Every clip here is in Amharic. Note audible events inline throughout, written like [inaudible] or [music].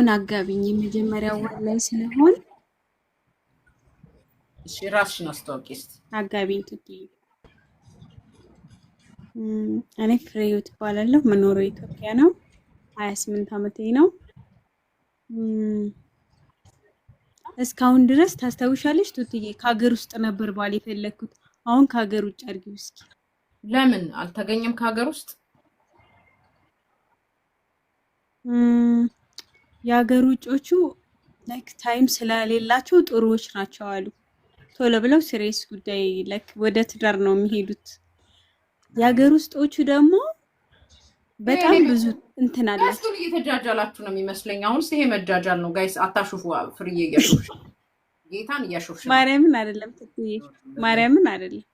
አሁን አጋቢኝ የመጀመሪያው ወር ላይ ስለሆን እሺ፣ ራስሽን አስታውቂ እስኪ። አጋቢኝ ትክክል። እኔ ፍሬህይወት እባላለሁ። መኖሪያ ኢትዮጵያ ነው። 28 ስምንት አመቴ ነው። እስካሁን ድረስ ታስታውሻለሽ ቱትዬ? ከሀገር ውስጥ ነበር ባል የፈለግኩት። አሁን ከሀገር ውጭ አድርጊው እስኪ። ለምን አልተገኘም? ከሀገር ውስጥ የሀገር ውጮቹ ላይክ ታይም ስለሌላቸው ጥሩዎች ናቸው አሉ። ቶሎ ብለው ሲሪየስ ጉዳይ ላይክ ወደ ትዳር ነው የሚሄዱት። የሀገር ውስጦቹ ደግሞ በጣም ብዙ እንትን አለ። አላቸው። እየተጃጃላችሁ ነው የሚመስለኝ። አሁን ይሄ መጃጃል ነው ጋይስ፣ አታሹፉ። ፍርዬ እያሾፍሽ ጌታን እያሾፍሽ ማርያምን አይደለም፣ ትዬ ማርያምን አይደለም።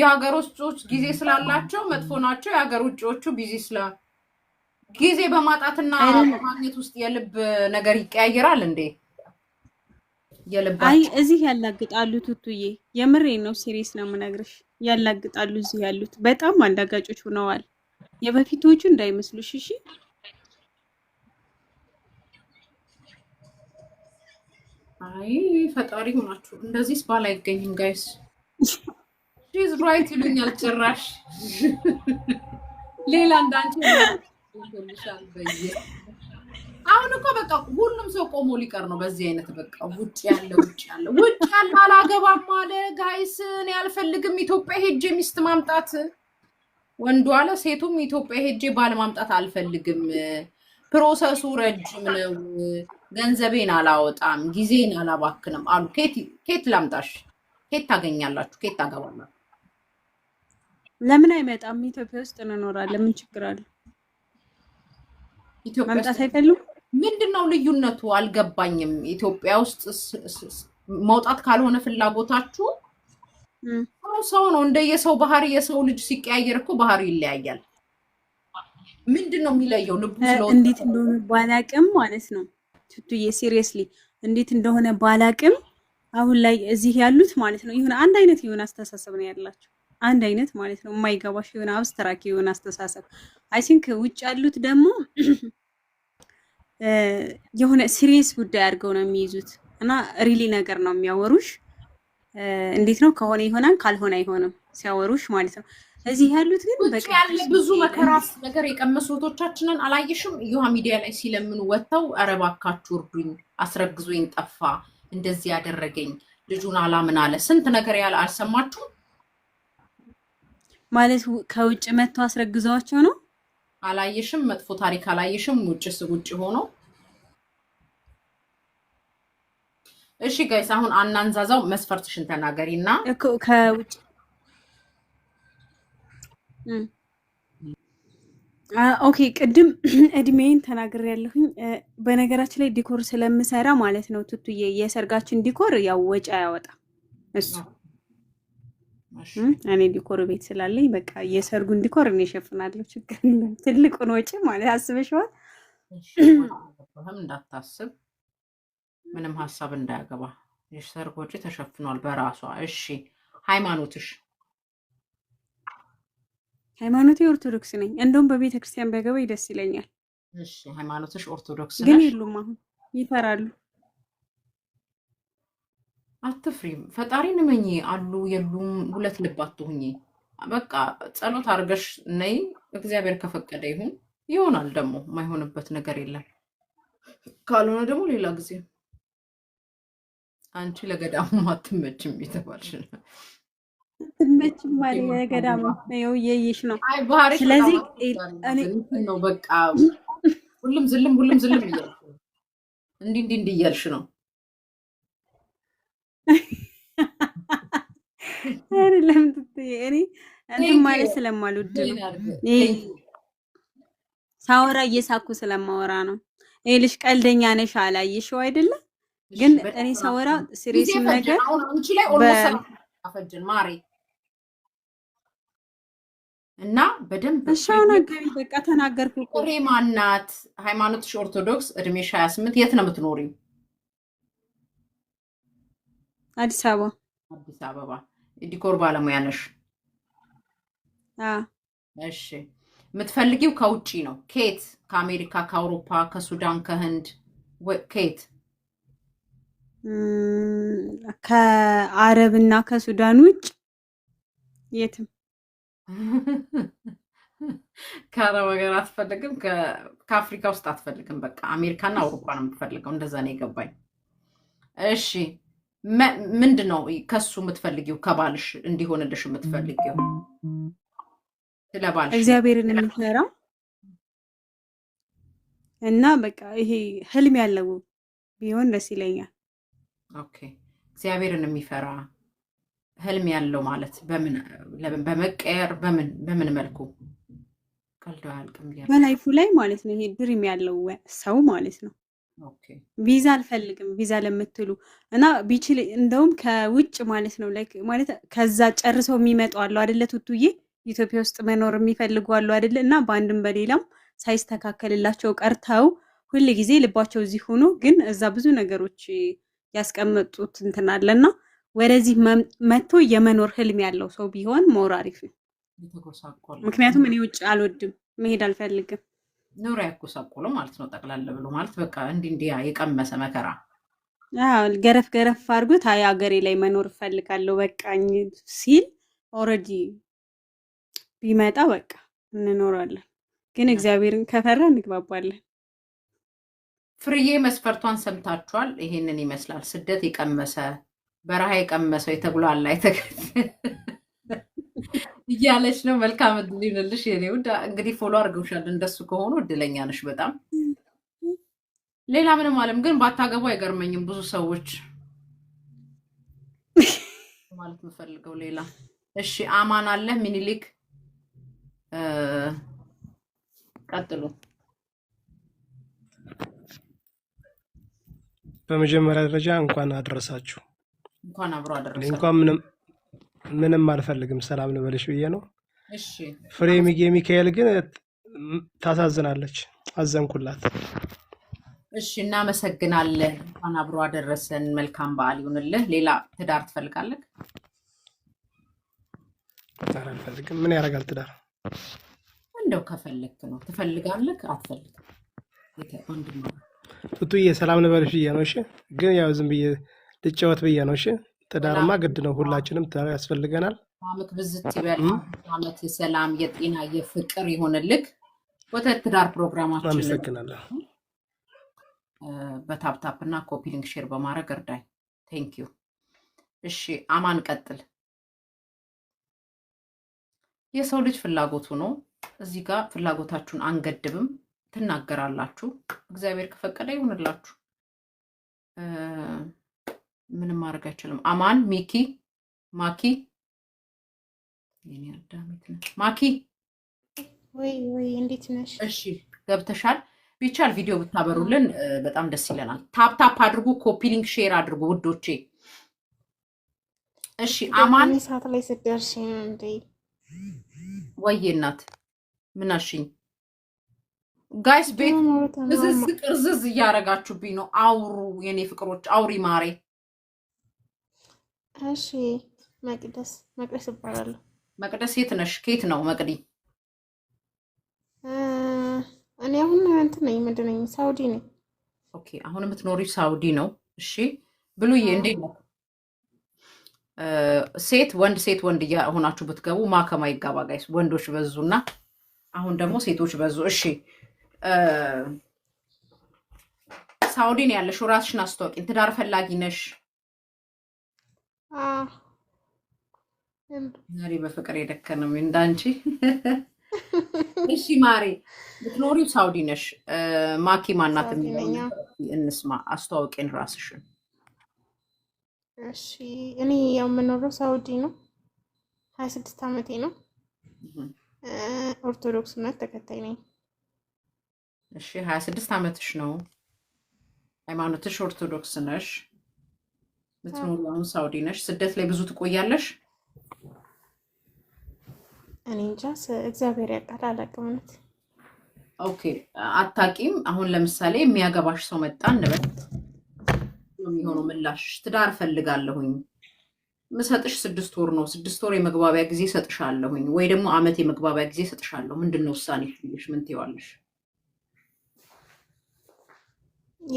የሀገር ውስጦች ጊዜ ስላላቸው መጥፎ ናቸው። የሀገር ውጭዎቹ ቢዚ ስላ ጊዜ በማጣትና በማግኘት ውስጥ የልብ ነገር ይቀያየራል እንዴ? አይ እዚህ ያላግጣሉ ቱቱዬ፣ የምሬ ነው። ሲሪየስ ነው የምነግርሽ፣ ያላግጣሉ። እዚህ ያሉት በጣም አንዳጋጮች ሆነዋል። የበፊቶቹ እንዳይመስሉሽ እሺ። አይ ፈጣሪ ሆናችሁ እንደዚህ ስባል አይገኝም ጋይስ። ሺዝ [laughs] ራይት ይሉኛል ጭራሽ [laughs] ሌላ እንዳንቺ አሁን እኮ በቃ ሁሉም ሰው ቆሞ ሊቀር ነው። በዚህ አይነት በቃ ውጭ ያለ ውጭ ያለ ውጭ ያለ አላገባም አለ ጋይስ፣ እኔ አልፈልግም ኢትዮጵያ ሄጄ ሚስት ማምጣት። ወንዱ አለ ሴቱም ኢትዮጵያ ሄጄ ባል ማምጣት አልፈልግም። ፕሮሰሱ ረጅም ነው። ገንዘቤን አላወጣም፣ ጊዜን አላባክንም አሉ። ኬት ላምጣሽ? ኬት ታገኛላችሁ? ኬት ታገባላችሁ? ለምን አይመጣም? ኢትዮጵያ ውስጥ እንኖራለን። ምን ችግር አለ? መምጣት አይፈልጉ። ምንድን ነው ልዩነቱ? አልገባኝም። ኢትዮጵያ ውስጥ መውጣት ካልሆነ ፍላጎታችሁ ሰው ነው እንደየሰው ባህሪ፣ የሰው ልጅ ሲቀያየር እኮ ባህሪ ይለያያል። ምንድን ነው የሚለየው? እንዴት እንደሆነ ባላቅም ማለት ነው ሲሪየስሊ እንዴት እንደሆነ ባላቅም አሁን ላይ እዚህ ያሉት ማለት ነው የሆነ አንድ አይነት የሆነ አስተሳሰብ ነው ያላቸው አንድ አይነት ማለት ነው የማይገባሽ የሆነ አብስትራክ የሆነ አስተሳሰብ አይ ቲንክ ውጭ ያሉት ደግሞ [clears throat] የሆነ ሲሪየስ ጉዳይ አድርገው ነው የሚይዙት እና ሪሊ ነገር ነው የሚያወሩሽ። እንዴት ነው ከሆነ ይሆናል ካልሆነ አይሆንም ሲያወሩሽ ማለት ነው። እዚህ ያሉት ግን ያለ ብዙ መከራ ነገር የቀመሱ ወቶቻችንን አላየሽም? እዩሃ ሚዲያ ላይ ሲለምኑ ወጥተው ኧረ እባካችሁ እርዱኝ፣ አስረግዞኝ ጠፋ፣ እንደዚህ ያደረገኝ ልጁን አላምን አለ። ስንት ነገር ያለ አልሰማችሁም? ማለት ከውጭ መጥተው አስረግዘዋቸው ነው አላየሽም፣ መጥፎ ታሪክ አላየሽም። ውጭስ ውጭ ሆኖ እሺ ጋይስ፣ አሁን አናንዛዛው። መስፈርትሽን ተናገሪ እና ከውጭ ኦኬ። ቅድም [clears throat] እድሜን ተናግሬ ያለሁኝ በነገራችን ላይ ዲኮር ስለምሰራ ማለት ነው። ትቱዬ የሰርጋችን ዲኮር ያው ወጪ አያወጣም እሱ እኔ ዲኮር ቤት ስላለኝ በቃ የሰርጉን ዲኮር እኔ እሸፍናለሁ። ችግር የለም። ትልቁን ወጪ ማለት አስበሽዋል። እንዳታስብ ምንም ሀሳብ እንዳያገባ የሰርግ ወጪ ተሸፍኗል በራሷ። እሺ ሃይማኖትሽ? ሃይማኖቴ ኦርቶዶክስ ነኝ። እንደውም በቤተ ክርስቲያን ደስ ይለኛል። እሺ ሃይማኖትሽ ኦርቶዶክስ ግን የሉም አሁን ይፈራሉ። አትፍሪም። ፈጣሪን እመኚ። አሉ የሉም ሁለት ልብ አትሁኚ። በቃ ጸሎት አድርገሽ ነይ። እግዚአብሔር ከፈቀደ ይሁን ይሆናል። ደግሞ የማይሆንበት ነገር የለም። ካልሆነ ደግሞ ሌላ ጊዜ። አንቺ ለገዳሙ አትመችም የተባልሽ አትመችም አይደል? ለገዳሙ ነው የይሽ ነው። ስለዚህ ነው በቃ ሁሉም ዝልም ሁሉም ዝልም እያልሽ ነው። እንዲህ እንዲህ እንዲህ እያልሽ ነው አይደለም እኔ እንትን ማለት ስለማልወድ ነው ሳወራ እየሳኩ ስለማወራ ነው። ይኸውልሽ ቀልደኛ ነሽ አላየሽው አይደለም? ግን እኔ ሳወራ ሲሪየስ ነገር ማሬ እና በደንብ እሻው ነገር በቃ ተናገርኩ። ማናት ሃይማኖትሽ ኦርቶዶክስ፣ እድሜሽ 28 የት ነው የምትኖሪው? አዲስ አበባ አዲስ አበባ ዲኮር ባለሙያ ነሽ? እሺ። የምትፈልጊው ከውጭ ነው? ከየት? ከአሜሪካ፣ ከአውሮፓ፣ ከሱዳን፣ ከህንድ ከየት? ከአረብ እና ከሱዳን ውጭ የትም [laughs] ከአረብ ሀገር አትፈልግም። ከአፍሪካ ውስጥ አትፈልግም። በቃ አሜሪካና አውሮፓ ነው የምትፈልገው። እንደዛ ነው የገባኝ። እሺ ምንድን ነው ከሱ የምትፈልጊው? ከባልሽ እንዲሆንልሽ የምትፈልጊው ስለ ባልሽ እግዚአብሔርን የሚፈራ እና በቃ ይሄ ህልም ያለው ቢሆን ደስ ይለኛል። ኦኬ እግዚአብሔርን የሚፈራ ህልም ያለው ማለት በመቀየር በምን መልኩ ቀልደው አያልቅም በላይፉ ላይ ማለት ነው። ይሄ ድሪም ያለው ሰው ማለት ነው። ቪዛ አልፈልግም ቪዛ ለምትሉ እና ቢችል እንደውም ከውጭ ማለት ነው ማለት ከዛ ጨርሰው የሚመጡ አሉ አደለ ቱቱዬ ኢትዮጵያ ውስጥ መኖር የሚፈልጉ አሉ አደለ እና በአንድም በሌላም ሳይስተካከልላቸው ቀርተው ሁል ጊዜ ልባቸው እዚህ ሆኖ ግን እዛ ብዙ ነገሮች ያስቀመጡት እንትን አለ እና ወደዚህ መጥቶ የመኖር ህልም ያለው ሰው ቢሆን ሞር አሪፍ ነው። ምክንያቱም እኔ ውጭ አልወድም፣ መሄድ አልፈልግም። ኑሮ ያጎሳቆሉ ማለት ነው። ጠቅላላ ብሎ ማለት በቃ እንዲህ እንዲህ የቀመሰ መከራ ገረፍ ገረፍ አድርጎት አይ ሀገሬ ላይ መኖር እፈልጋለሁ በቃኝ ሲል ኦልሬዲ ቢመጣ በቃ እንኖራለን፣ ግን እግዚአብሔርን ከፈራ እንግባባለን። ፍርዬ መስፈርቷን ሰምታችኋል። ይሄንን ይመስላል ስደት የቀመሰ በረሃ የቀመሰው የተጉላላ እያለች ነው። መልካም እድል ይሁንልሽ የኔ ውድ። እንግዲህ ፎሎ አድርገውሻል። እንደሱ ከሆኑ እድለኛ ነሽ በጣም። ሌላ ምንም አለም ግን ባታገቡ አይገርመኝም። ብዙ ሰዎች ማለት የምፈልገው ሌላ። እሺ አማን አለ ሚኒሊክ ቀጥሉ። በመጀመሪያ ደረጃ እንኳን አደረሳችሁ። እንኳን አብሮ አደረሳችሁ። ምንም አልፈልግም ሰላም ልበልሽ ብዬ ነው። ሚጌ ሚካኤል ግን ታሳዝናለች። አዘንኩላት። እሺ፣ እናመሰግናለን። እንኳን አብሮ አደረሰን። መልካም በዓል ይሁንልህ። ሌላ ትዳር ትፈልጋለህ? ትዳር አልፈልግም። ምን ያደርጋል ትዳር? እንደው ከፈለግክ ነው። ትፈልጋለህ? አትፈልግም? ቱቱዬ፣ ሰላም ልበልሽ ብዬ ነው። እሺ፣ ግን ያው ዝም ብዬ ልጫወት ብዬ ነው። እሺ ትዳርማ ግድ ነው። ሁላችንም ትዳር ያስፈልገናል። አመት ብዝት ይበል። አመት የሰላም የጤና የፍቅር ይሆንልክ። ወተ ትዳር ፕሮግራማችን አመሰግናለሁ። በታፕታፕ እና ኮፒሊንግ ሼር በማድረግ እርዳኝ። ቴንክ ዩ። እሺ አማን ቀጥል። የሰው ልጅ ፍላጎቱ ነው። እዚህ ጋር ፍላጎታችሁን አንገድብም፣ ትናገራላችሁ። እግዚአብሔር ከፈቀደ ይሆንላችሁ። ምንም ማድረግ አይችልም። አማን ሚኪ ማኪ ማኪ ወይ ወይ፣ እንዴት ነሽ? እሺ ገብተሻል። ቢቻል ቪዲዮ ብታበሩልን በጣም ደስ ይለናል። ታፕ ታፕ አድርጉ፣ ኮፒ ሊንክ ሼር አድርጉ ውዶቼ። እሺ አማን ሰዓት ላይ ስትደርሽ እንዴ ወይ እናት ምን ምናሽኝ ጋይስ ቤት ዝዝ ቅርዝዝ እያረጋችሁብኝ ነው። አውሩ የኔ ፍቅሮች፣ አውሪ ማሬ እሺ መቅደስ መቅደስ ይባላሉ። መቅደስ የት ነሽ? ከየት ነው መቅዲ? እኔ አሁን እንትን ነኝ ምንድን ነኝ ሳውዲ ነኝ። ኦኬ አሁን የምትኖሪ ሳውዲ ነው። እሺ ብሉዬ እንዴት ነው? ሴት ወንድ ሴት ወንድ እያሆናችሁ ብትገቡ ማከማ ይጋባ ጋይስ። ወንዶች እና አሁን ደግሞ ሴቶች በዙ። እሺ ሳውዲ ነው ያለሽው። ራስሽን አስታወቂን። ትዳር ፈላጊ ነሽ? ዛሬ በፍቅር የደከነው እንዳንቺ። እሺ ማሬ ብትኖሪው ሳውዲ ነሽ። ማኪ ማናት የሚለኝ እንስማ፣ አስተዋውቄን ራስሽን። እሺ እኔ የምኖረው ሳውዲ ነው። ሀያ ስድስት ዓመቴ ነው። ኦርቶዶክስ እምነት ተከታይ ነኝ። እሺ ሀያ ስድስት ዓመትሽ ነው። ሃይማኖትሽ ኦርቶዶክስ ነሽ። ምትኖሩ አሁን ሳውዲ ነሽ። ስደት ላይ ብዙ ትቆያለሽ? እኔ እንጃ እግዚአብሔር ያውቃል፣ ኦኬ፣ አታቂም። አሁን ለምሳሌ የሚያገባሽ ሰው መጣ እንበል፣ የሚሆነው ምላሽ ትዳር ፈልጋለሁኝ ምሰጥሽ ስድስት ወር ነው። ስድስት ወር የመግባቢያ ጊዜ ሰጥሻለሁኝ፣ ወይ ደግሞ አመት የመግባቢያ ጊዜ ሰጥሻለሁ። ምንድን ነው ውሳኔ? ምን ትይዋለሽ?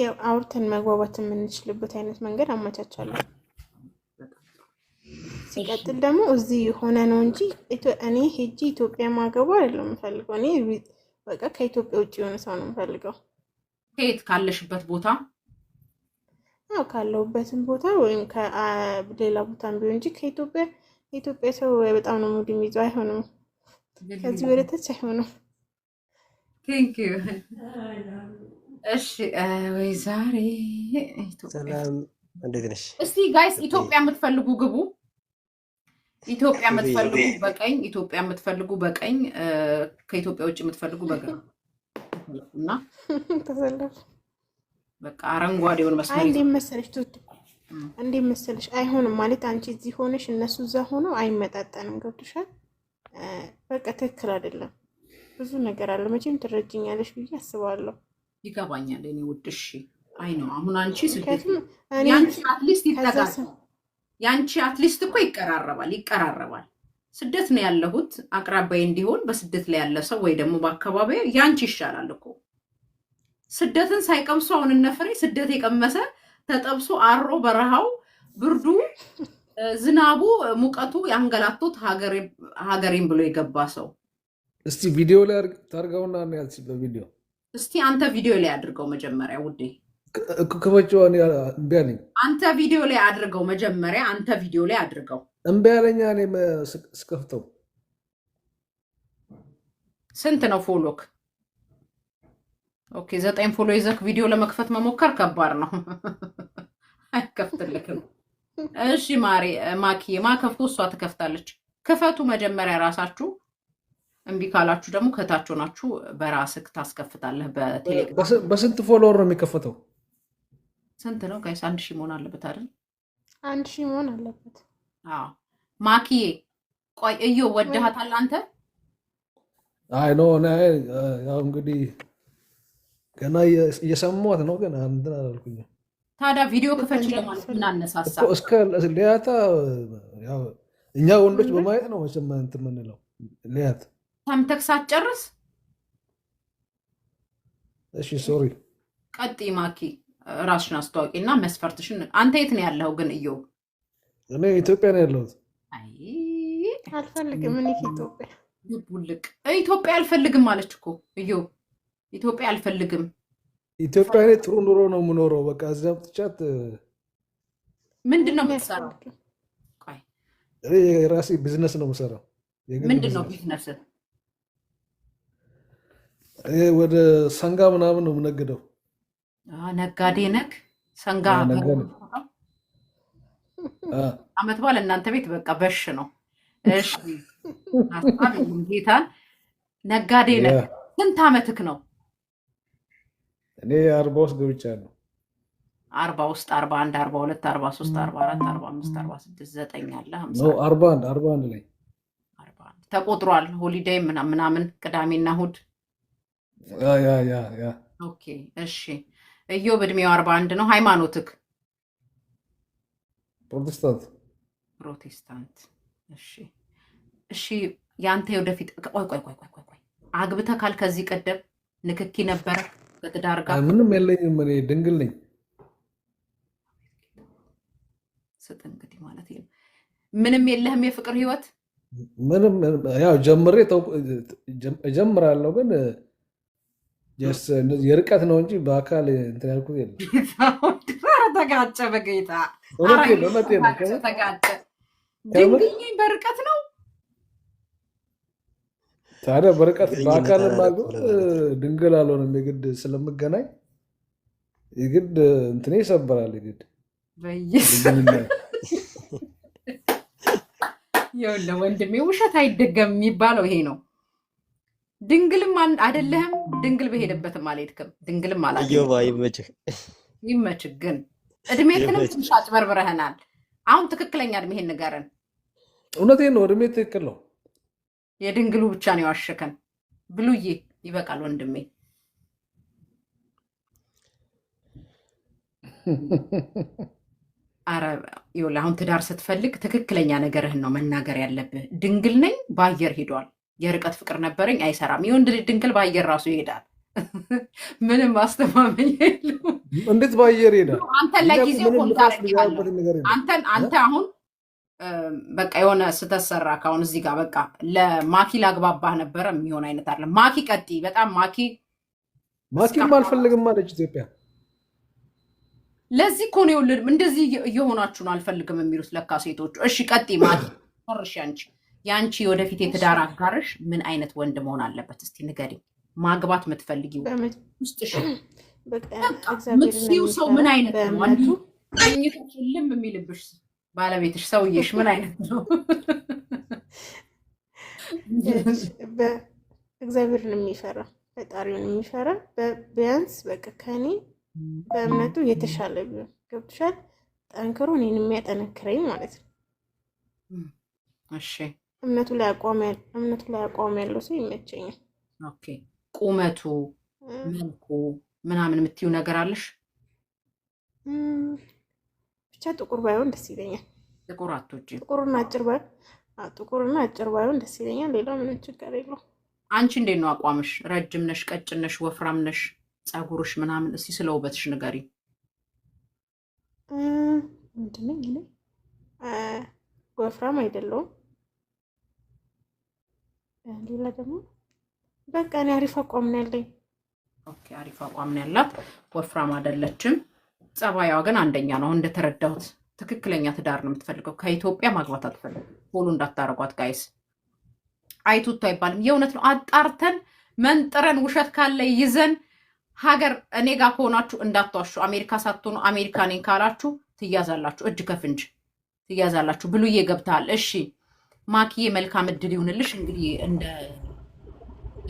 ያው አውርተን መግባባት የምንችልበት አይነት መንገድ አመቻቻለሁ። ሲቀጥል ደግሞ እዚህ የሆነ ነው እንጂ እኔ ሄጂ ኢትዮጵያ ማገባ አይደለም የምፈልገው። እኔ በቃ ከኢትዮጵያ ውጭ የሆነ ሰው ነው የምፈልገው። ከየት ካለሽበት ቦታ ያው ካለሁበትም ቦታ ወይም ከሌላ ቦታም ቢሆን እንጂ ከኢትዮጵያ የኢትዮጵያ ሰው በጣም ነው ሙድ የሚይዘው። አይሆንም፣ ከዚህ ወደታች አይሆንም። ቴንክ ዩ እሺ ወይ ዛሬ ሰላም፣ እንዴት ነሽ? እስቲ ጋይስ ኢትዮጵያ የምትፈልጉ ግቡ። ኢትዮጵያ የምትፈልጉ በቀኝ፣ ኢትዮጵያ የምትፈልጉ በቀኝ፣ ከኢትዮጵያ ውጭ የምትፈልጉ በቀኝ እና በቃ አረንጓዴውን መስመር እንዴት መሰለሽ ቱት እንዴት መሰለሽ፣ አይሆንም ማለት አንቺ እዚህ ሆነሽ እነሱ እዛ ሆነው አይመጣጠንም። ገብቶሻል? በቃ ትክክል አይደለም። ብዙ ነገር አለ። መቼም ትረጅኛለሽ ብዬ አስባለሁ። ይገባኛል እኔ ውድ እሺ። አይ ነው አሁን አንቺ ስደትያንቺ አትሊስት ይጠጋል። ያንቺ አትሊስት እኮ ይቀራረባል ይቀራረባል። ስደት ነው ያለሁት አቅራቢያ እንዲሆን በስደት ላይ ያለ ሰው ወይ ደግሞ በአካባቢ ያንቺ ይሻላል እኮ ስደትን ሳይቀምሱ አሁን እነ ስደት የቀመሰ ተጠብሶ አሮ በረሃው ብርዱ ዝናቡ ሙቀቱ ያንገላቶት ሀገሬን ብሎ የገባ ሰው እስቲ ቪዲዮ ላይ ያልሲ በቪዲዮ እስቲ አንተ ቪዲዮ ላይ አድርገው መጀመሪያ ውዴ። ከመጪው አንተ ቪዲዮ ላይ አድርገው መጀመሪያ አንተ ቪዲዮ ላይ አድርገው። እምቢ አለኝ። ስከፍተው ስንት ነው ፎሎክ? ኦኬ ዘጠኝ ፎሎ ይዘክ ቪዲዮ ለመክፈት መሞከር ከባድ ነው። [laughs] አይከፍትልክም። እሺ ማሪ ማኪ ማከፍቶ እሷ ትከፍታለች። ክፈቱ መጀመሪያ ራሳችሁ እምቢ ካላችሁ ደግሞ ከታች ሆናችሁ በራስህ ታስከፍታለህ። በስንት ፎሎወር ነው የሚከፈተው? ስንት ነው ጋይስ? አንድ ሺህ መሆን አለበት አይደል? አንድ ሺህ መሆን አለበት። ማኪዬ ቆይ እዩ ወድሃታል አንተ? አይ ኖ ያው እንግዲህ ገና እየሰማት ነው፣ ግን እንትን አላልኩኝ። ታዲያ ቪዲዮ ክፈች ለማለት ምን አነሳሳ? እስከ ሊያታ እኛ ወንዶች በማየት ነው እንትን የምንለው ሊያት ሰምተክ ሳትጨርስ እሺ፣ ሶሪ ቀጥይ ማኪ። ራስሽን አስተዋቂ እና መስፈርትሽን። አንተ የት ነው ያለው ግን? እዮ እኔ ኢትዮጵያ ነው ያለሁት። አልፈልግም እኔ ኢትዮጵያ ልቡልቅ ኢትዮጵያ አልፈልግም አለች እኮ እዮ። ኢትዮጵያ አልፈልግም ኢትዮጵያ ላይ ጥሩ ኑሮ ነው የምኖረው። በቃ እዚያ ብትቻት ምንድን ነው የምትሰራው? የራሴ ቢዝነስ ነው የምሰራው። ምንድን ነው ቢዝነስ ወደ ሰንጋ ምናምን ነው የምነግደው። ነጋዴ ነክ ሰንጋ አመት በዓል እናንተ ቤት በቃ በሽ ነው። እሺ ጌታን ነጋዴ ነክ ስንት አመትክ ነው? እኔ አርባ ውስጥ ገብቻ ነው። አርባ ውስጥ አርባ አንድ አርባ ሁለት አርባ ሶስት አርባ አራት አርባ አምስት አርባ ስድስት ዘጠኝ አለ አርባ አንድ አርባ አንድ ላይ ተቆጥሯል። ሆሊዴይ ምናምን ቅዳሜና እሑድ ኦኬ እሺ። እዮብ እድሜው አርባ አንድ ነው። ሃይማኖትክ ፕሮቴስታንት? ፕሮቴስታንት። እሺ እሺ። የአንተ ወደፊት ቆይ ቆይ ቆይ ቆይ ቆይ ካል ከዚህ ቀደም ንክኪ ነበረ ከትዳር ጋር? ምንም የለኝም እኔ ድንግል ነኝ። ስጥ እንግዲህ ማለት ምንም የለህም የፍቅር ህይወት ምንም ያው ጀምሬ እጀምራለሁ ግን የርቀት ነው እንጂ በአካል እንትን ያልኩት የለም። ተጋጨ በጌታ ተጋጨ። በርቀት ነው ታዲያ በርቀት በአካል ድንግል አልሆንም። የግድ ስለምገናኝ የግድ እንትኔ ይሰበራል። የግድ ወንድሜ ውሸት አይደገም የሚባለው ይሄ ነው። ድንግልም አይደለህም፣ ድንግል በሄደበትም አልሄድክም፣ ድንግልም አላ ይመችህ፣ ይመችህ። ግን እድሜህንም ትንሽ አጭበርብረህናል። አሁን ትክክለኛ እድሜህን ንገረን። እውነቴ ነው፣ እድሜ ትክክል ነው። የድንግሉ ብቻ ነው የዋሸከን። ብሉዬ ይበቃል ወንድሜ። [laughs] አረ ይኸውልህ፣ አሁን ትዳር ስትፈልግ ትክክለኛ ነገርህን ነው መናገር ያለብህ። ድንግል ነኝ በአየር ሄዷል የርቀት ፍቅር ነበረኝ አይሰራም። የወንድ ልጅ ድንግል በአየር ራሱ ይሄዳል። ምንም አስተማመኝ የለውም። እንዴት በአየር ይሄዳል? አንተን ለጊዜው አንተን አንተ አሁን በቃ የሆነ ስተሰራ ካሁን እዚህ ጋር በቃ ለማኪ ላግባባህ ነበረ የሚሆን አይነት አለ። ማኪ ቀጥይ። በጣም ማኪ ማኪም አልፈልግም አለች ኢትዮጵያ። ለዚህ እኮ ነው የወለድም እንደዚህ እየሆናችሁን አልፈልግም የሚሉት ለካ ሴቶቹ። እሺ ቀጥይ ማኪ፣ ርሽ አንቺ የአንቺ ወደፊት የትዳር አጋርሽ ምን አይነት ወንድ መሆን አለበት? እስቲ ንገሪኝ። ማግባት የምትፈልጊው ውስጥሽ ምትሲው ሰው ምን አይነት ነው? አንዱ ልም የሚልብሽ ባለቤትሽ ሰውዬሽ ምን አይነት ነው? እግዚአብሔርን የሚፈራ ፈጣሪውን የሚፈራ በቢያንስ በቃ ከኔ በእምነቱ የተሻለ ቢሆን ገብቶሻል። ጠንክሮ እኔን የሚያጠነክረኝ ማለት ነው። እሺ እምነቱ ላይ አቋም ያለው ሰው ይመቸኛል። ኦኬ ቁመቱ፣ መልኩ ምናምን የምትዩ ነገር አለሽ? ብቻ ጥቁር ባይሆን ደስ ይለኛል። ጥቁር አቶች ጥቁርና አጭር ባይሆን ጥቁርና አጭር ባይሆን ደስ ይለኛል። ሌላ ምንም ችግር የለው። አንቺ እንዴት ነው አቋምሽ? ረጅም ነሽ? ቀጭን ነሽ? ወፍራም ነሽ? ጸጉርሽ ምናምን እስኪ ስለ ውበትሽ ንገሪ። ምንድነኝ? ወፍራም አይደለውም ሌላ ደግሞ በቃ እኔ አሪፍ አቋም ነው ያለኝ። ኦኬ አሪፍ አቋም ነው ያላት፣ ወፍራም አይደለችም። ጸባይዋ ግን አንደኛ ነው እንደተረዳሁት። ትክክለኛ ትዳር ነው የምትፈልገው። ከኢትዮጵያ ማግባት አትፈልግም። ፎሎ እንዳታረጓት ጋይስ። አይቱቱ አይባልም። የእውነት ነው። አጣርተን መንጥረን ውሸት ካለ ይዘን ሀገር እኔ ጋር ከሆናችሁ እንዳትዋሹ። አሜሪካ ሳትሆኑ አሜሪካ ነኝ ካላችሁ ትያዛላችሁ፣ እጅ ከፍንጅ ትያዛላችሁ። ብሉዬ ገብተሃል እሺ ማክዬ መልካም እድል ይሁንልሽ። እንግዲህ እንደ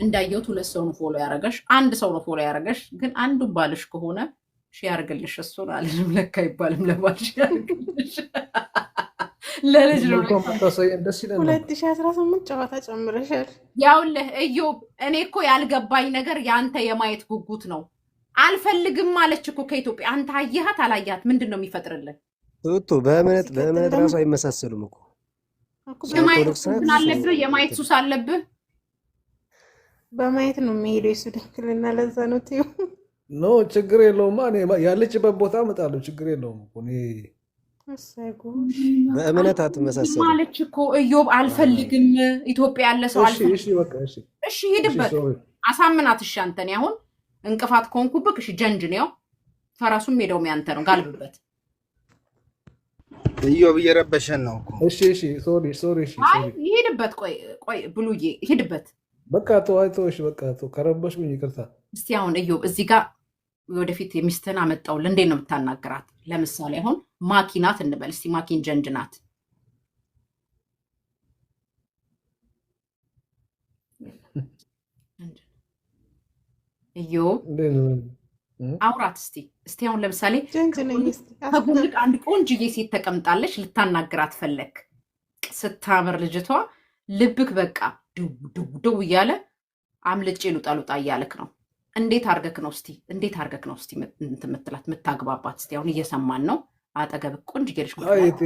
እንዳየሁት ሁለት ሰው ነው ፎሎ ያረገሽ፣ አንድ ሰው ነው ፎሎ ያረገሽ። ግን አንዱ ባልሽ ከሆነ ሺ ያርግልሽ። እሱን አልልም ለካ አይባልም። ለባልሽ ያርግልሽ። [laughs] ለልጅ ሁለት ሺ አስራ ስምንት ጨዋታ ጨምረሻል። ያውልህ እዮብ፣ እኔ እኮ ያልገባኝ ነገር የአንተ የማየት ጉጉት ነው። አልፈልግም ማለች እኮ ከኢትዮጵያ። አንተ አየሃት አላያት ምንድን ነው የሚፈጥርልን? ቱ በእምነት በእምነት ራሱ አይመሳሰሉም እኮ የማየት እንትን ሱስ አለብህ። በማየት ነው የሚሄደው ለዛ ነው ኖ ችግር የለውም። ያለችበት ቦታ እመጣለሁ። ችግር የለውም። በእምነት አትመሳሰል ማለች እኮ እዮብ አልፈልግም። ኢትዮጵያ ያለ ሰው እሺ፣ ሂድበት፣ አሳምናት። እሺ፣ አንተን አሁን እንቅፋት ከሆንኩብህ እሺ፣ ጀንጅ ነው ፈረሱም ሜዳውም ያንተ ነው፣ ጋልብበት እዮብ እየረበሸን ነው እሺ እሺ፣ ሶሪ ሶሪ። እሺ ይሄድበት። ቆይ ቆይ፣ ብሉዬ ይሄድበት። በቃ ተዋይቶ እሺ፣ በቃ ተው፣ ምን ይቅርታ። እስቲ አሁን እዮብ እዚህ ጋር ወደፊት የሚስትህን አመጣው ለእንዴት ነው የምታናግራት? ለምሳሌ አሁን ማኪናት እንበል እስቲ። ማኪን ጀንድ ናት [laughs] እዮብ፣ አውራት እስቲ እስቲ አሁን ለምሳሌ ከጉልቅ አንድ ቆንጅዬ ሴት ተቀምጣለች፣ ልታናግራት ፈለግ ስታምር ልጅቷ ልብክ በቃ ድው ድው እያለ አምልጬ ሉጣሉጣ ሉጣ እያልክ ነው። እንዴት አርገክ ነው እስቲ እንዴት አርገክ ነው እስቲ ምትላት ምታግባባት? እስቲ አሁን እየሰማን ነው። አጠገብ ቆንጅዬ ልጅ ሀይቴ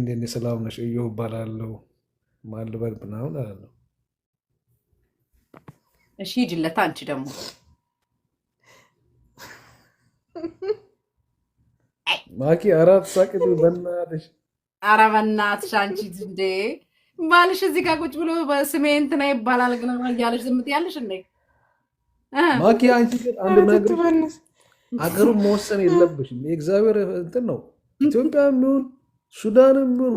እንዴት ነሽ? ሰላም ነሽ? እዮ እባላለሁ። ማን ልበል ምናምን አላለሁ። እሺ ሂጂለታ አንቺ ደግሞ ማኪ አራት ሳቅ በናትሽ፣ አረ በናትሽ አንቺ እንዴ ባልሽ እዚህ ጋር ቁጭ ብሎ በስሜ እንትና ይባላል ግን እያለሽ ዝም ትያለሽ እንዴ? ማኪ አንቺ አንድ ነገር አገሩን መወሰን የለብሽም። የእግዚአብሔር እንትን ነው። ኢትዮጵያ የሚሆን ሱዳን የሚሆን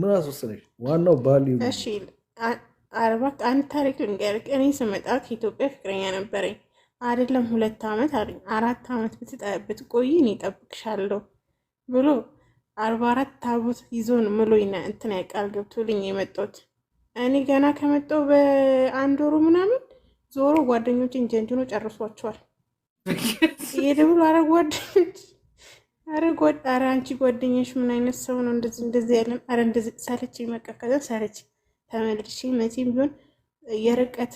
ምን አስወሰነሽ? ዋናው ባል አንድ ታሪክ ልንገርህ። እኔ ስመጣ ከኢትዮጵያ ፍቅረኛ ነበረኝ አይደለም ሁለት ዓመት አራት ዓመት ብትቆይ እኔ እጠብቅሻለሁ ብሎ አርባ አራት ታቦት ይዞን ምሎ እንትን ቃል ገብቶልኝ የመጣሁት እኔ ገና ከመጣሁ በአንድ ወሩ ምናምን ዞሮ ጓደኞችን ጀንጅኖ ጨርሷቸዋል። ይሄ ደብሎ አረ ጓደኞች አረ ጓዳ አንቺ ጓደኞች ምን አይነት ሰው ነው? እንደዚህ እንደዚህ ያለን አረ እንደዚህ ሰለች መቀቀዘን ሰለች ተመልሽ መቼም ቢሆን የርቀት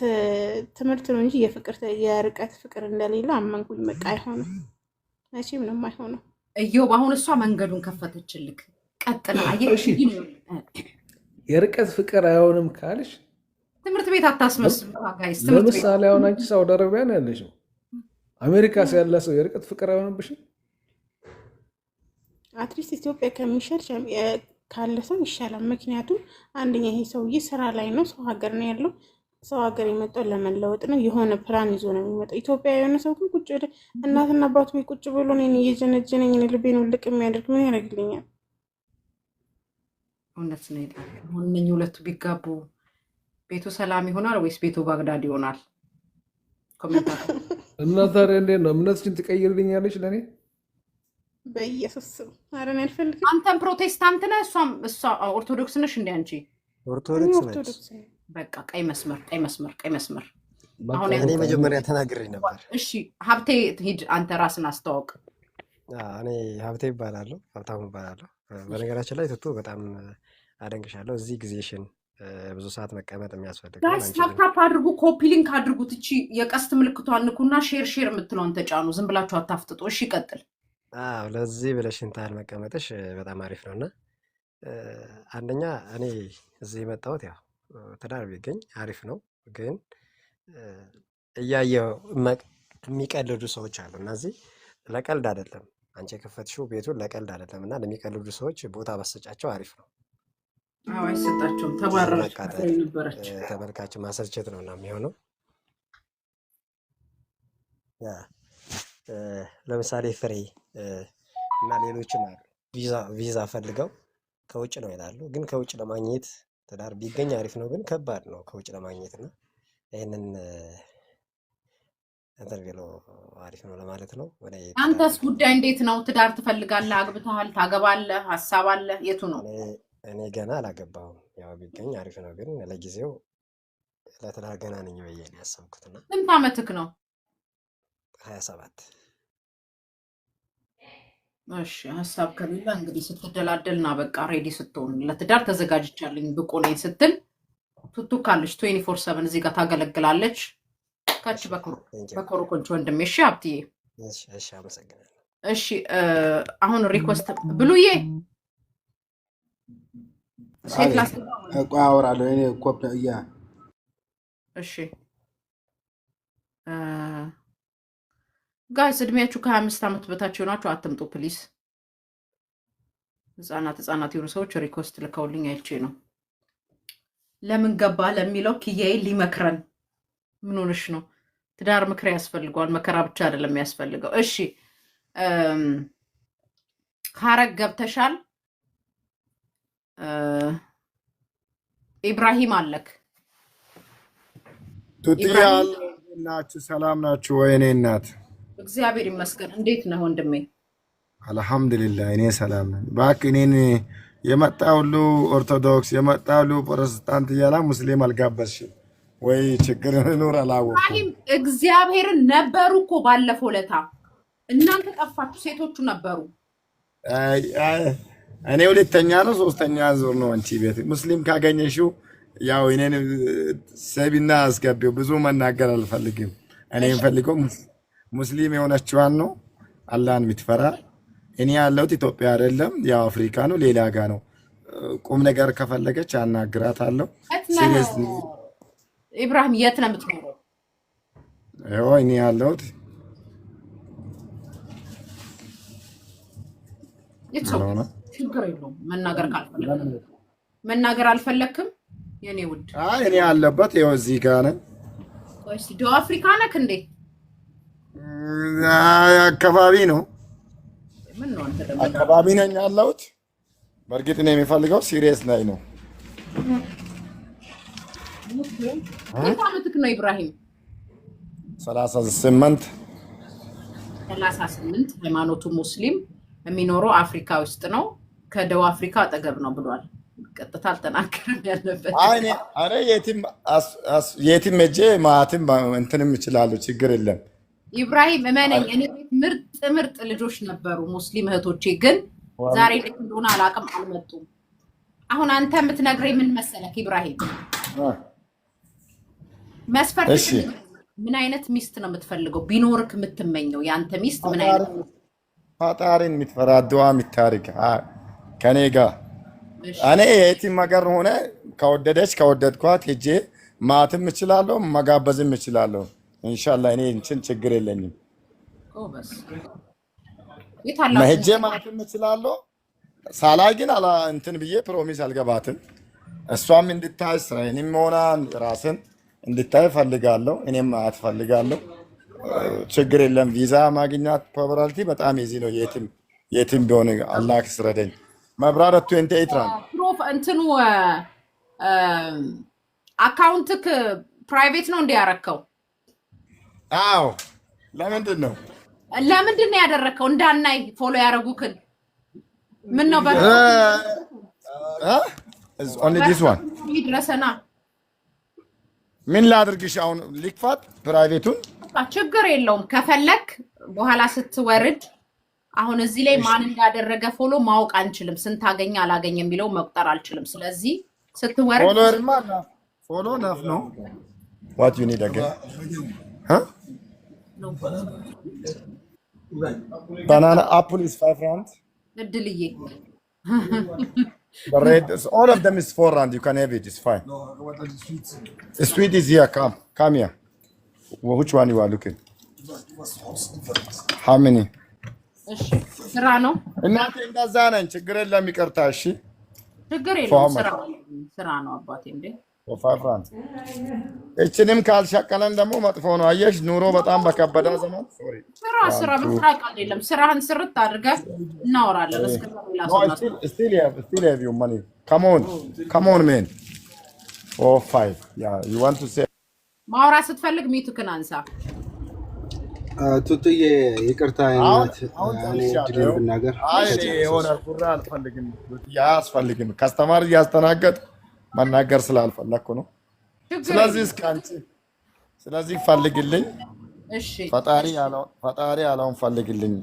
ትምህርት ነው እንጂ የፍቅር የርቀት ፍቅር እንደሌለ አመንኩኝ። በቃ አይሆንም፣ መቼም ነው የማይሆነው። እየው አሁን እሷ መንገዱን ከፈተችልክ፣ ቀጥላ የርቀት ፍቅር አይሆንም ካልሽ ትምህርት ቤት አታስመስሉ። ለምሳሌ አሁን አንቺ ሳውዲ አረቢያ ነው ያለሽው፣ አሜሪካ ያለ ሰው የርቀት ፍቅር አይሆንብሽም? አትሊስት ኢትዮጵያ ከሚሻል ካለ ሰው ይሻላል። ምክንያቱም አንደኛ ይሄ ሰውዬ ስራ ላይ ነው፣ ሰው ሀገር ነው ያለው ሰው ሀገር የመጣው ለመለወጥ ነው። የሆነ ፕላን ይዞ ነው የሚመጣው። ኢትዮጵያ የሆነ ሰው ግን ቁጭ ወደ እናትና አባቱ ቤት ቁጭ ብሎ እኔን እየጀነጀነኝ ልቤን ውልቅ የሚያደርግ ምን ያደርግልኛል? እውነት ነው። አሁን እነ ሁለቱ ቢጋቡ ቤቱ ሰላም ይሆናል ወይስ ቤቱ ባግዳድ ይሆናል? እና ታዲያ እንዴት ነው እምነትሽን ትቀይርልኛለች ለእኔ በኢየሱስ ስም አልፈልግም። አንተም ፕሮቴስታንት ነህ፣ እሷም እሷ ኦርቶዶክስ ነሽ። እንደ አንቺ ኦርቶዶክስ ነች። በቃ ቀይ መስመር ቀይ መስመር ቀይ መስመር። እኔ መጀመሪያ ተናግሬ ነበር። እሺ ሀብቴ ሂድ፣ አንተ ራስን አስተዋውቅ። እኔ ሀብቴ ይባላለሁ፣ ሀብታሙ ይባላለሁ። በነገራችን ላይ ትቶ በጣም አደንቅሻለሁ። እዚህ ጊዜሽን ብዙ ሰዓት መቀመጥ የሚያስፈልግ ታፕታፕ አድርጉ፣ ኮፒ ሊንክ አድርጉት። እቺ የቀስት ምልክቷ ንኩና ሼር ሼር የምትለውን ተጫኑ። ዝም ብላችሁ አታፍጥጦ። እሺ ይቀጥል። ለዚህ ብለሽ ታህል መቀመጥሽ በጣም አሪፍ ነው እና አንደኛ እኔ እዚህ የመጣሁት ያው ትዳር ቢገኝ አሪፍ ነው። ግን እያየው የሚቀልዱ ሰዎች አሉ። እነዚህ ለቀልድ አይደለም። አንቺ የከፈትሽው ቤቱን ለቀልድ አይደለም። እና ለሚቀልዱ ሰዎች ቦታ ባሰጫቸው አሪፍ ነው። ተመልካች ማሰልቸት ነው እና የሚሆነው ለምሳሌ ፍሬ እና ሌሎችም አሉ ቪዛ ፈልገው ከውጭ ነው ይላሉ። ግን ከውጭ ለማግኘት ትዳር ቢገኝ አሪፍ ነው ግን ከባድ ነው ከውጭ ለማግኘት እና ይህንን እንትን አሪፍ ነው ለማለት ነው። ወደ አንተስ ጉዳይ እንዴት ነው? ትዳር ትፈልጋለህ? አግብተሃል? ታገባለህ? ሀሳብ አለ የቱ ነው? እኔ ገና አላገባሁም። ያው ቢገኝ አሪፍ ነው ግን ለጊዜው ለትዳር ገና ነኝ ብዬ ነው ያሰብኩትና። ስንት አመትክ ነው? ሀያ ሰባት እሺ ሀሳብ ከሌላ እንግዲህ ስትደላደል ና በቃ ሬዲ ስትሆን ለትዳር ተዘጋጅቻለኝ ብቁ ነኝ ስትል ትቱካለች ካለች ትዌንቲ ፎር ሰቨን እዚህ ጋር ታገለግላለች። ከች በኮሮኮንች ወንድሜ። እሺ ሀብትዬ፣ እሺ አሁን ሪኮስት ብሉዬ ሴት እሺ ጋይስ እድሜያችሁ ከሀያ አምስት ዓመት በታች የሆናችሁ አትምጡ ፕሊስ። ህጻናት ህጻናት የሆኑ ሰዎች ሪኮስት ልከውልኝ አይቼ ነው። ለምን ገባ ለሚለው ኪያዬ ሊመክረን ምን ሆነሽ ነው? ትዳር ምክር ያስፈልገዋል። መከራ ብቻ አይደለም ያስፈልገው። እሺ ሀረግ ገብተሻል። ኢብራሂም አለክ ቱትያ ናችሁ? ሰላም ናችሁ ወይ? እኔ እናት እግዚአብሔር ይመስገን። እንዴት ነህ ወንድሜ? አልሐምዱሊላ እኔ ሰላም ነኝ። እባክህ እኔን የመጣ ሁሉ ኦርቶዶክስ የመጣ ሁሉ ፕሮቴስታንት እያላ ሙስሊም አልጋበዝሽም ወይ? ችግር ኑር አላወኩም። እግዚአብሔርን ነበሩ እኮ ባለፈው ለታ እናንተ ጠፋችሁ፣ ሴቶቹ ነበሩ። እኔ ሁለተኛ ነው ሶስተኛ ዙር ነው አንቺ ቤት ሙስሊም ካገኘሽው ያው እኔን ሰቢና አስገቢው። ብዙ መናገር አልፈልግም። እኔ ፈልገው ሙስሊም የሆነችዋን ነው አላህን የምትፈራ እኔ ያለሁት ኢትዮጵያ አይደለም፣ ያው አፍሪካ ነው፣ ሌላ ጋ ነው። ቁም ነገር ከፈለገች አናግራት አለው። ኢብራሂም የት ነው የምትኖረው? እኔ ያለሁት መናገር ካልፈለግም አልፈለግክም የኔ ውድ እኔ ያለበት ይኸው እዚህ ጋ ነን። ደቡብ አፍሪካ ነክ እንዴ? አካባቢ ነው አካባቢ ነኝ ያለሁት። በእርግጥ ነው የሚፈልገው ሲሪየስ ላይ ነው። ዓመትክ ነው ኢብራሂም? ሰላሳ ስምንት ሰላሳ ስምንት ሃይማኖቱ ሙስሊም የሚኖረው አፍሪካ ውስጥ ነው። ከደቡብ አፍሪካ አጠገብ ነው ብሏል። ቀጥታ አልተናገርም ያለበት። ኧረ የትም የትም ማትም እንትንም ይችላሉ። ችግር የለም ኢብራሂም እመነኝ፣ እኔ ቤት ምርጥ ምርጥ ልጆች ነበሩ ሙስሊም እህቶቼ፣ ግን ዛሬ ልክ እንደሆነ አላውቅም፣ አልመጡም። አሁን አንተ የምትነግረኝ ምን መሰለክ ኢብራሂም፣ መስፈርት ምን አይነት ሚስት ነው የምትፈልገው? ቢኖርክ የምትመኘው የአንተ ሚስት ምን አይነት ፈጣሪን የምትፈራ ድዋ የምታርግ ከኔ ጋር እኔ የቲም መገር ሆነ ከወደደች ከወደድኳት ሄጄ ማትም እችላለሁ መጋበዝም እችላለሁ። እንሻላ እኔ እንችን ችግር የለኝም። መሄጄ ማለት የምችላለሁ። ሳላይ ግን አላ እንትን ብዬ ፕሮሚስ አልገባትም። እሷም እንድታይ ስራዬንም ሆና ራስን እንድታይ ፈልጋለሁ። እኔም አትፈልጋለሁ። ችግር የለም። ቪዛ ማግኛት ፕሮባቢሊቲ በጣም የዚህ ነው። የትም የትም ቢሆን አላህ ስረደኝ። መብራረ ንቴ ኤትራ እንትኑ አካውንትክ ፕራይቬት ነው እንዲያረከው አዎ። ለምንድን ነው ለምንድን ነው ያደረግከው? እንዳናይ ፎሎ ያደረጉክን ምን ነው ይድረሰና ምን ላድርግሽ? አሁን ሊክፋት ፕራይቬቱን ችግር የለውም። ከፈለክ በኋላ ስትወርድ አሁን እዚህ ላይ ማን እንዳደረገ ፎሎ ማወቅ አንችልም። ስንታገኝ አላገኝ የሚለው መቁጠር አልችልም። ስለዚህ ስትወርድ ፎሎ ነፍ ነው ዋት ዩ ኒድ ባናና አፕል ኢዝ ፋይቭ ራንድ እድልዬ The red is all of them is four rand. You can have it. It's fine. No, what are the sweets? The sweet is here. Come, come here. Well, which one you are looking? How many? ስራ ነው እናቴ፣ እንደዛ ነኝ። ችግር የለም ይቅርታ። እሺ፣ ችግር የለም። ስራ ነው አባቴ እንዴ ወፋ ፍራንስ እችንም ካልሸቀለን ደግሞ መጥፎ ነው። አየሽ ኑሮ በጣም በከበደ ዘመን ስራ ስራ ምስራቅ አይደለም። ስራህን ስርት አድርገህ እናወራለን። ሜን ፋይ ማውራ ስትፈልግ ሚቱክን አንሳ። ቱቱዬ ይቅርታ ብናገር አልፈልግም፣ አያስፈልግም። ከስተማር እያስተናገድ መናገር ስላልፈለኩ ነው። ስለዚህ እስከ አንቺ ስለዚህ ፈልግልኝ፣ ፈጣሪ ያለውን ፈልግልኝ።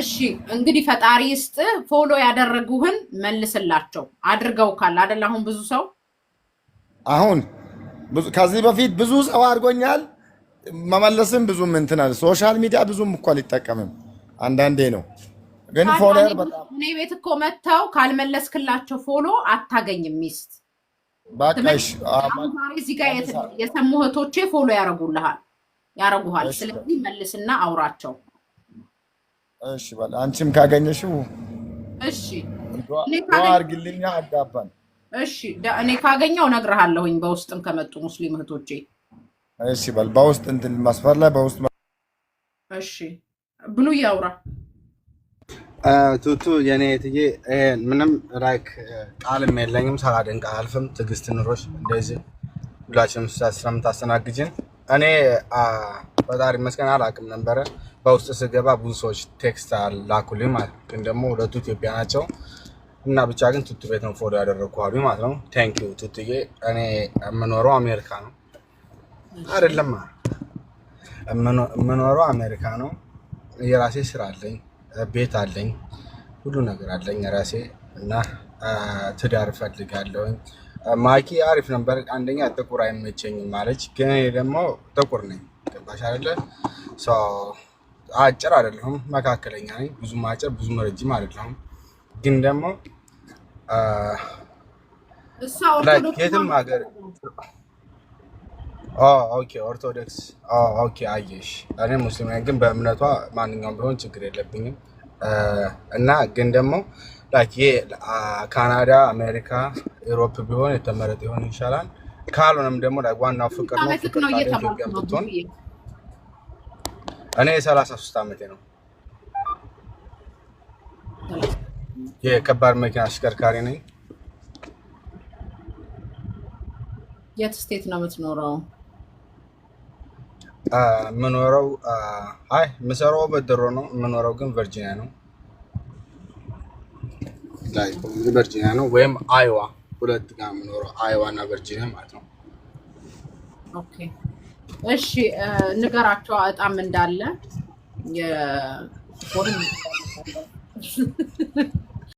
እሺ እንግዲህ ፈጣሪ ስጥ። ፎሎ ያደረጉህን መልስላቸው። አድርገው ካል አደል? አሁን ብዙ ሰው አሁን ከዚህ በፊት ብዙ ሰው አድርጎኛል። መመለስም ብዙ እንትን አለ። ሶሻል ሚዲያ ብዙም እኮ አልጠቀምም፣ አንዳንዴ ነው ግን ፎሎ በጣም እኔ ቤት እኮ መጥተው ካልመለስክላቸው ፎሎ አታገኝም ሚስት በቃሽ እዚህ ጋር የሰሙ እህቶቼ ፎሎ ያረጉልሃል ያረጉሃል። ስለዚህ መልስና አውራቸው። እሺ በል አንቺም ካገኘሽው እሺ አድርግልኛ አጋባን። እሺ እኔ ካገኘው እነግርሃለሁኝ። በውስጥም ከመጡ ሙስሊም እህቶቼ እሺ በል በውስጥ እንትን መስፈር ላይ በውስጥ እሺ ብሉ እያውራ ቱቱ የኔ ትዬ ምንም ራይክ ቃልም የለኝም። ሳላደንቅ አልፍም። ትዕግስት ኑሮች እንደዚህ ሁላችንም ስለምታስተናግጅን እኔ ፈጣሪ መስገን አላውቅም ነበረ። በውስጥ ስገባ ብዙ ሰዎች ቴክስት ላኩልኝ ማለት ግን ደግሞ ሁለቱ ኢትዮጵያ ናቸው እና ብቻ ግን ቱቱ ቤት ነው ፎሎ ያደረግኩ አሉኝ ማለት ነው። ቴንኪዩ ቱቱዬ። እኔ የምኖረው አሜሪካ ነው አይደለም፣ የምኖረው አሜሪካ ነው። የራሴ ስራ አለኝ ቤት አለኝ፣ ሁሉ ነገር አለኝ ራሴ እና ትዳር እፈልጋለሁኝ። ማኪ አሪፍ ነበር። አንደኛ ጥቁር አይመቸኝም ማለች ግን እኔ ደግሞ ጥቁር ነኝ። ገባሽ አይደለ? አጭር አይደለሁም፣ መካከለኛ ነኝ። ብዙም አጭር ብዙም ረጅም አይደለሁም፣ ግን ደግሞ የትም ሀገር ኦኬ ኦርቶዶክስ ኦኬ አየሽ እኔ ሙስሊም ነኝ ግን በእምነቷ ማንኛውም ቢሆን ችግር የለብኝም እና ግን ደግሞ ላይክ ይሄ ካናዳ አሜሪካ ኢሮፕ ቢሆን የተመረጠ ይሆን ይሻላል ካልሆነም ደግሞ ላይክ ዋናው ፍቅር ነው ኢትዮጵያ ብትሆን እኔ የሰላሳ ሶስት ዓመቴ ነው የከባድ መኪና አሽከርካሪ ነኝ የት ስቴት ነው የምትኖረው የምኖረው አይ የምሰራው በደሮ ነው። የምኖረው ግን ቨርጂኒያ ነው። ላይ ቨርጂኒያ ነው ወይም አይዋ ሁለት ጋር የምኖረው አይዋ እና ቨርጂኒያ ማለት ነው። ኦኬ እሺ፣ ንገራቸው እጣም እንዳለ